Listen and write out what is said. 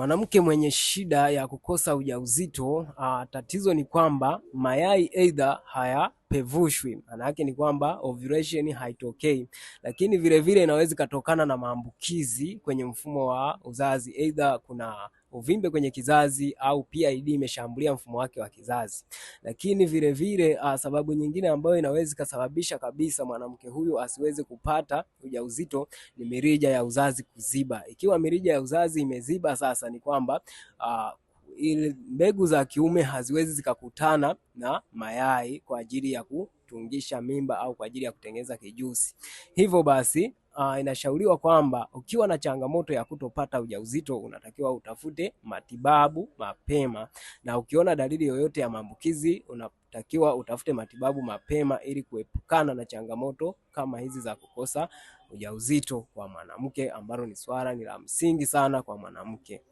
Mwanamke mwenye shida ya kukosa ujauzito, ah, tatizo ni kwamba mayai aidha haya pevushwi maana yake ni kwamba ovulation haitokei, lakini vilevile vile inaweza ikatokana na maambukizi kwenye mfumo wa uzazi, aidha kuna uvimbe kwenye kizazi au PID imeshambulia mfumo wake wa kizazi. Lakini vilevile vile, ah, sababu nyingine ambayo inaweza ikasababisha kabisa mwanamke huyu asiweze kupata ujauzito ni mirija ya uzazi kuziba. Ikiwa mirija ya uzazi imeziba, sasa ni kwamba ah, mbegu za kiume haziwezi zikakutana na mayai kwa ajili ya kutungisha mimba au kwa ajili ya kutengeneza kijusi. Hivyo basi Uh, inashauriwa kwamba ukiwa na changamoto ya kutopata ujauzito unatakiwa utafute matibabu mapema, na ukiona dalili yoyote ya maambukizi unatakiwa utafute matibabu mapema ili kuepukana na changamoto kama hizi za kukosa ujauzito kwa mwanamke, ambalo ni swala ni la msingi sana kwa mwanamke.